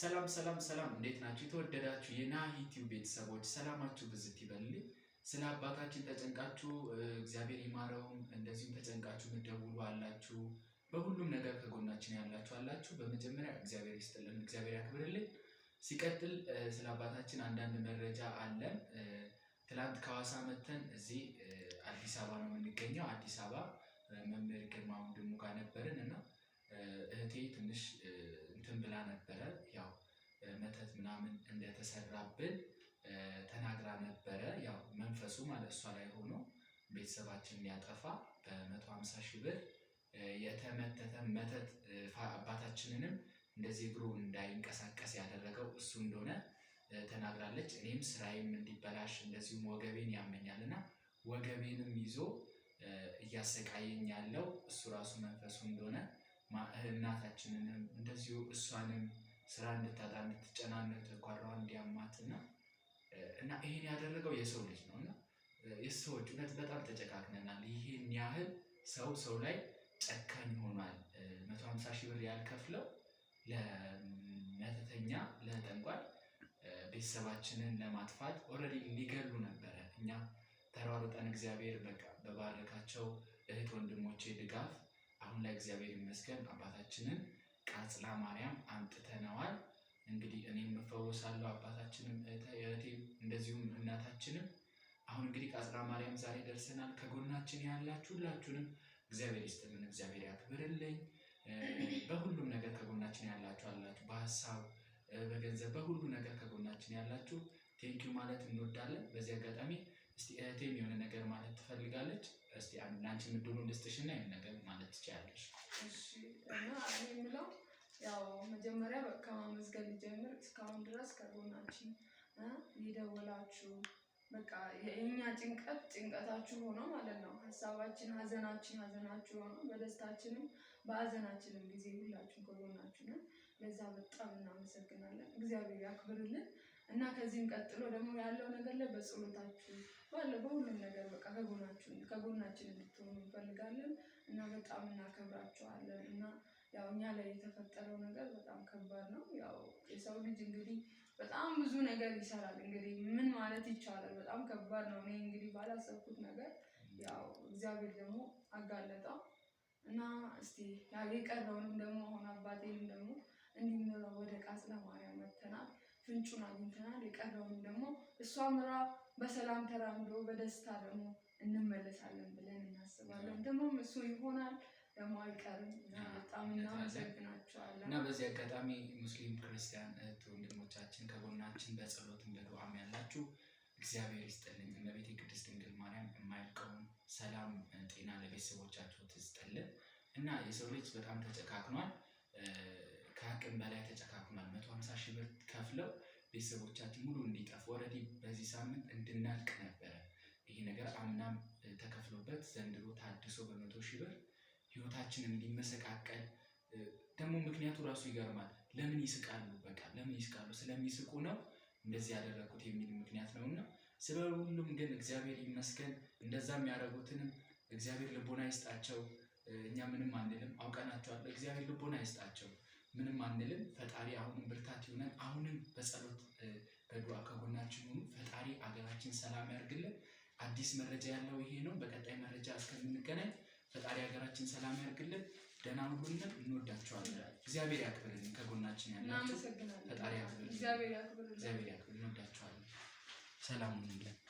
ሰላም ሰላም ሰላም፣ እንዴት ናችሁ? የተወደዳችሁ የናሂ ቲዩብ ቤተሰቦች ሰላማችሁ ብዝት ይበልልኝ። ስለ አባታችን ተጨንቃችሁ እግዚአብሔር ይማረውም፣ እንደዚሁም ተጨንቃችሁ ምደውሉ አላችሁ፣ በሁሉም ነገር ከጎናችን ያላችሁ አላችሁ። በመጀመሪያ እግዚአብሔር ይስጥልን፣ እግዚአብሔር ያክብርልን። ሲቀጥል ስለ አባታችን አንዳንድ መረጃ አለን። ትላንት ከሐዋሳ መተን እዚህ አዲስ አበባ ነው የምንገኘው። አዲስ አበባ መምህር ግርማ ወንድሙ ጋር ነበርን እና እህቴ ትንሽ እንትን ብላ ነበረ መተት ምናምን እንደተሰራብን ተናግራ ነበረ። ያው መንፈሱ ማለት እሷ ላይ ሆኖ ቤተሰባችንን ያጠፋ በመቶ ሀምሳ ሺህ ብር የተመተተ መተት አባታችንንም እንደዚህ እግሩ እንዳይንቀሳቀስ ያደረገው እሱ እንደሆነ ተናግራለች። እኔም ስራዬም እንዲበላሽ እንደዚሁም ወገቤን ያመኛልና ወገቤንም ይዞ እያሰቃየኝ ያለው እሱ ራሱ መንፈሱ እንደሆነ እናታችንንም እንደዚሁ እሷንም ስራ እንድታጣ እንድትጨናነቅ፣ ጨጓራዋን እንዲያማት እና እና ይህን ያደረገው የሰው ልጅ ነው እና የሰዎች እውነት በጣም ተጨካክነናል። ይህን ያህል ሰው ሰው ላይ ጨካኝ ሆኗል። መቶ ሀምሳ ሺህ ብር ያልከፍለው ለመተተኛ ለጠንቋል ቤተሰባችንን ለማጥፋት ኦልሬዲ ሊገሉ ነበረ። እኛ ተሯሩጠን እግዚአብሔር በቃ በባረካቸው እህት ወንድሞቼ ድጋፍ አሁን ላይ እግዚአብሔር ይመስገን አባታችንን ከአጽላ ማርያም አምጥተነዋል። እንግዲህ እኔም እፈወሳለሁ፣ አባታችንም እህቴም እንደዚሁም እናታችንም። አሁን እንግዲህ ከአጽላ ማርያም ዛሬ ደርሰናል። ከጎናችን ያላችሁ ሁላችሁንም እግዚአብሔር ይስጥልን፣ እግዚአብሔር ያክብርልኝ። በሁሉም ነገር ከጎናችን ያላችሁ አላችሁ፣ በሀሳብ በገንዘብ፣ በሁሉ ነገር ከጎናችን ያላችሁ ቴንኪዩ ማለት እንወዳለን። በዚህ አጋጣሚ እስቲ እህቴም የሆነ ነገር ማለት ትፈልጋለች። እስቲ አንቺ የምትሆኑ ደስተሽና የሆነ ነገር ማለት ትችላለች። እና እኔ የምለው ያው መጀመሪያ ከማመዝገብ ጀምር እስካሁን ድረስ ከጎናችን የደወላችሁ በቃ የእኛ ጭንቀት ጭንቀታችሁ ሆኖ ማለት ነው። ሀሳባችን ሀዘናችን ሀዘናችሁ ሆኖ በደስታችንም በሀዘናችንም ጊዜ ሁላችሁም ከጎናችሁ ነን። ለዛ በጣም እናመሰግናለን። እግዚአብሔር ያክብርልን። እና ከዚህም ቀጥሎ ደግሞ ያለው ነገር ላይ በጸሎታችሁ ባለው በሁሉም ነገር በቃ ከጎናችሁ ከጎናችን እንድትሆኑ እንፈልጋለን እና በጣም እናከብራችኋለን። እና ያው እኛ ላይ የተፈጠረው ነገር በጣም ከባድ ነው። ያው የሰው ልጅ እንግዲህ በጣም ብዙ ነገር ይሰራል። እንግዲህ ምን ማለት ይቻላል? በጣም ከባድ ነው። እኔ እንግዲህ ባላሰብኩት ነገር ያው እግዚአብሔር ደግሞ አጋለጠው እና እስቲ ያው የቀረውንም ደግሞ አሁን አባቴንም ደግሞ እንዲምረው ወደ ቃጽለ ማርያም መተናል ፍንጩን አግኝተናል። የቀረውን ደግሞ እሷ ምራ በሰላም ተራምዶ በደስታ ደግሞ እንመለሳለን ብለን እናስባለን። ደግሞ እሱ ይሆናል ደግሞ አይቀርም። በጣም እናመሰግናቸዋለን እና በዚህ አጋጣሚ ሙስሊም ክርስቲያን እህት ወንድሞቻችን ከጎናችን በጸሎትም በዱዓም ያላችሁ እግዚአብሔር ይስጥልኝ። እመቤቴ ቅድስት ድንግል ማርያም የማያልቀውን ሰላም፣ ጤና ለቤተሰቦቻቸው ትስጥልን እና የሰው ልጅ በጣም ተጨካክኗል። ከአቅም በላይ ተጨካክኗል። መቶ ሀምሳ ሺህ ብር ከፍለው ቤተሰቦቻችን ሙሉ እንዲጠፉ ወረዲ በዚህ ሳምንት እንድናልቅ ነበረ። ይህ ነገር አምናም ተከፍሎበት ዘንድሮ ታድሶ በመቶ ሺህ ብር ህይወታችን እንዲመሰቃቀል ደግሞ ምክንያቱ ራሱ ይገርማል። ለምን ይስቃሉ? በቃ ለምን ይስቃሉ? ስለሚስቁ ነው እንደዚህ ያደረግኩት የሚል ምክንያት ነው እና ስለ ሁሉም ግን እግዚአብሔር ይመስገን። እንደዛ የሚያደርጉትንም እግዚአብሔር ልቦና ይስጣቸው። እኛ ምንም አንልም፣ አውቀናቸዋል። እግዚአብሔር ልቦና ይስጣቸው። ምንም አንልም። ፈጣሪ አሁንም ብርታት ይሆነን። አሁንም በጸሎት በዱዓ ከጎናችን ሁኑ። ፈጣሪ አገራችን ሰላም ያርግልን። አዲስ መረጃ ያለው ይሄ ነው። በቀጣይ መረጃ እስከምንገናኝ ፈጣሪ ሀገራችን ሰላም ያርግልን። ደህና ሁሉነት እንወዳቸዋለን። እግዚአብሔር ያክብልን። ከጎናችን ያለ ፈጣሪ ያክብልን። እግዚአብሔር ያክብልን። እንወዳቸዋለን። ሰላም ሁኑልን።